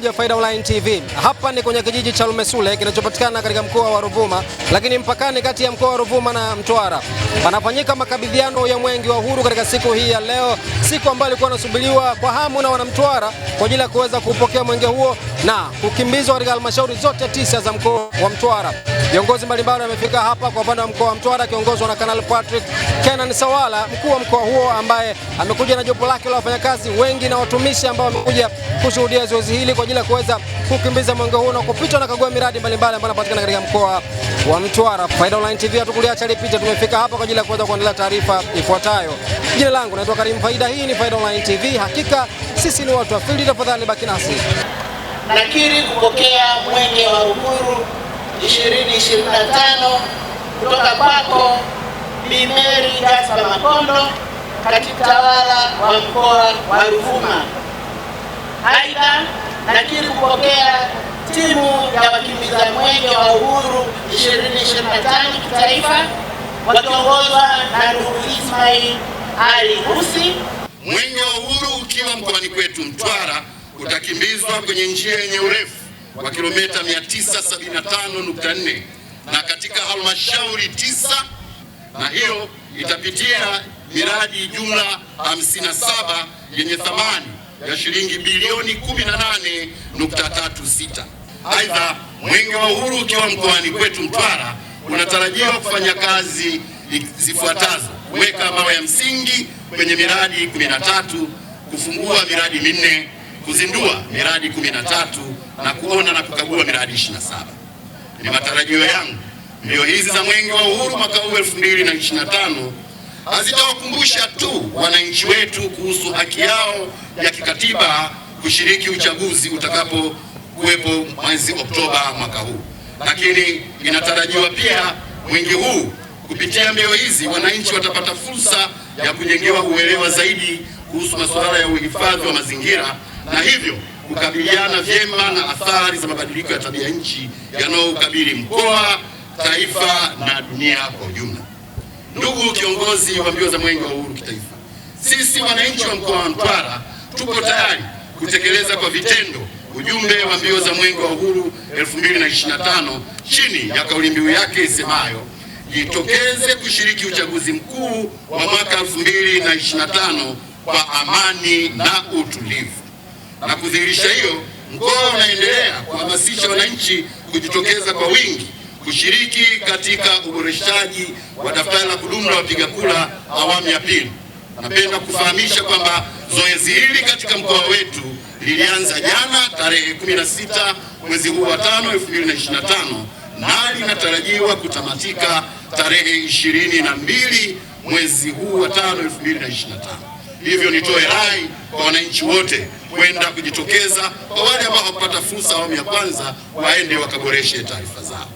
mtazamaji wa Faida Online TV. Hapa ni kwenye kijiji cha Lumesule kinachopatikana katika mkoa wa Ruvuma, lakini mpakani kati ya mkoa wa Ruvuma na Mtwara. Panafanyika makabidhiano ya Mwenge wa Uhuru katika siku hii ya leo, siku ambayo ilikuwa inasubiriwa kwa hamu na wanamtwara kwa ajili ya kuweza kupokea mwenge huo na kukimbizwa katika halmashauri zote tisa za mkoa wa Mtwara. Viongozi mbalimbali wamefika hapa kwa upande wa mkoa wa Mtwara akiongozwa na Kanali Patrick Kenan Sawala, mkuu wa mkoa huo, ambaye amekuja na jopo lake la wafanyakazi wengi na watumishi ambao wamekuja kushuhudia zoezi hili kwa ajili ya kuweza kukimbiza mwenge huo na kupita na kagua miradi mbalimbali ambayo inapatikana katika mkoa wa Mtwara. Faida Online TV hatukuliacha lipita, tumefika hapa kwa ajili ya kuweza kuandalia taarifa ifuatayo. Jina langu naitwa Karim Faida, hii ni Faida Online TV. Hakika sisi ni watu wa field, tafadhali baki nasi. Nakiri kupokea mwenge wa uhuru 2025 kutoka kwako Bi Mary Gaspar Makondo, katibu tawala wa mkoa wa Ruvuma. Aidha, nakiri kupokea timu ya wakimbiza mwenge wa uhuru 2025 kitaifa wakiongozwa na ndugu Ismail Ali Husi. Mwenge wa uhuru ukiwa mkoani kwetu Mtwara utakimbizwa kwenye njia yenye urefu wa kilomita 975.4 na katika halmashauri tisa, na hiyo itapitia miradi jumla 57 yenye thamani ya shilingi bilioni 18.36. Aidha, Mwenge wa Uhuru ukiwa mkoani kwetu Mtwara unatarajiwa kufanya kazi zifuatazo: kuweka mawe ya msingi kwenye miradi 13, kufungua miradi minne kuzindua miradi 13 na kuona na kukagua miradi 27. Ni matarajio yangu mbio hizi za Mwenge wa Uhuru mwaka huu 2025 hazitawakumbusha tu wananchi wetu kuhusu haki yao ya kikatiba kushiriki uchaguzi utakapo kuwepo mwezi Oktoba mwaka huu, lakini inatarajiwa pia mwingi huu kupitia mbio hizi wananchi watapata fursa ya kujengewa uelewa zaidi kuhusu masuala ya uhifadhi wa mazingira na hivyo kukabiliana vyema na athari za mabadiliko ya tabia nchi yanayoukabili mkoa, taifa na dunia kwa ujumla. Ndugu kiongozi wa mbio za Mwenge wa Uhuru kitaifa, sisi wananchi wa mkoa wa Mtwara tuko tayari kutekeleza kwa vitendo ujumbe wa mbio za Mwenge wa Uhuru 2025 chini ya kauli mbiu yake isemayo jitokeze kushiriki uchaguzi mkuu wa mwaka 2025 kwa amani na utulivu. Na kudhihirisha hiyo, mkoa unaendelea kuhamasisha wananchi kujitokeza kwa wingi kushiriki katika uboreshaji wa daftari la kudumu la wapiga kura awamu ya pili. Napenda kufahamisha kwamba zoezi hili katika mkoa wetu lilianza jana tarehe 16 mwezi huu wa 5 2025 na linatarajiwa kutamatika tarehe 22 mwezi huu wa 5 2025. Hivyo nitoe rai kwa wananchi wote kwenda kujitokeza. Kwa wale ambao hawakupata fursa awamu ya kwanza, waende wakaboreshe taarifa zao.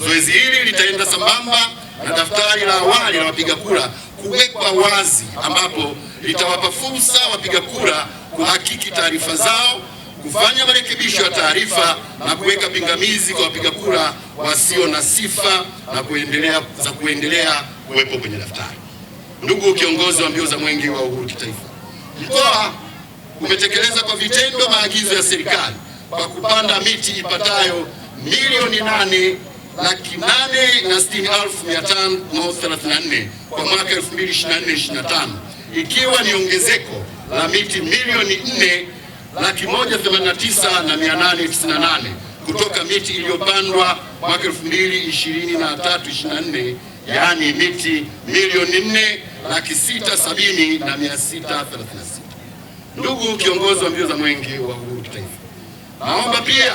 Zoezi hili litaenda sambamba na daftari la awali la wapiga kura kuwekwa wazi, ambapo litawapa fursa wapiga kura kuhakiki taarifa zao, kufanya marekebisho ya taarifa na kuweka pingamizi kwa wapiga kura wasio na sifa na kuendelea za kuendelea kuwepo kwenye daftari. Ndugu kiongozi wa mbio za mwenge wa uhuru kitaifa, mkoa umetekeleza kwa vitendo maagizo ya serikali kwa kupanda miti ipatayo milioni nane laki nane na sitini elfu mia tano thelathini na nne kwa mwaka elfu mbili 2024/25 ikiwa ni ongezeko la miti milioni nne laki moja themanini na tisa na mia nane tisini na nane kutoka miti iliyopandwa mwaka elfu mbili ishirini na 2023/24 yaani miti milioni nne laki sita sabini na mia sita thelathini na sita. Ndugu kiongozi wa mbio za mwenge wa uhuru kitaifa, naomba pia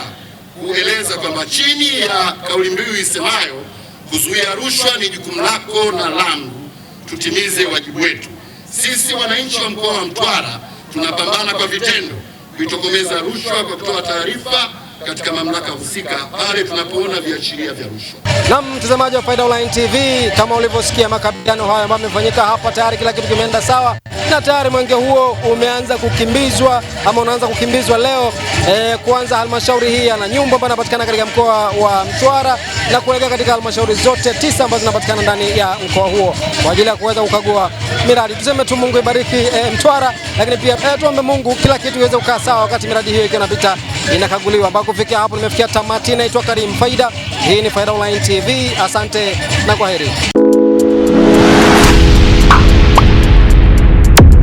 kueleza kwamba chini ya kauli mbiu isemayo kuzuia rushwa ni jukumu lako na langu, tutimize wajibu wetu. Sisi wananchi wa mkoa wa Mtwara tunapambana kwa vitendo kuitokomeza rushwa kwa kutoa taarifa katika mamlaka husika pale tunapoona viashiria vya rushwa. Naam, mtazamaji wa Faida Online TV, kama ulivyosikia makabiliano hayo ambayo yamefanyika hapa, tayari kila kitu kimeenda sawa na tayari mwenge huo umeanza kukimbizwa ama unaanza kukimbizwa leo e, kuanza halmashauri hii ya Nanyumbu ambayo inapatikana katika mkoa wa Mtwara na kuelekea katika halmashauri zote tisa ambazo zinapatikana ndani ya mkoa huo kwa ajili ya kuweza kukagua miradi. Tuseme tu Mungu ibariki e, Mtwara, lakini pia e, tuombe Mungu kila kitu iweze kukaa sawa wakati miradi hiyo ikiwa inapita inakaguliwa. Ambao kufikia hapo nimefikia tamati. Naitwa Karim Faida, hii ni Faida Online TV. Asante na kwaheri.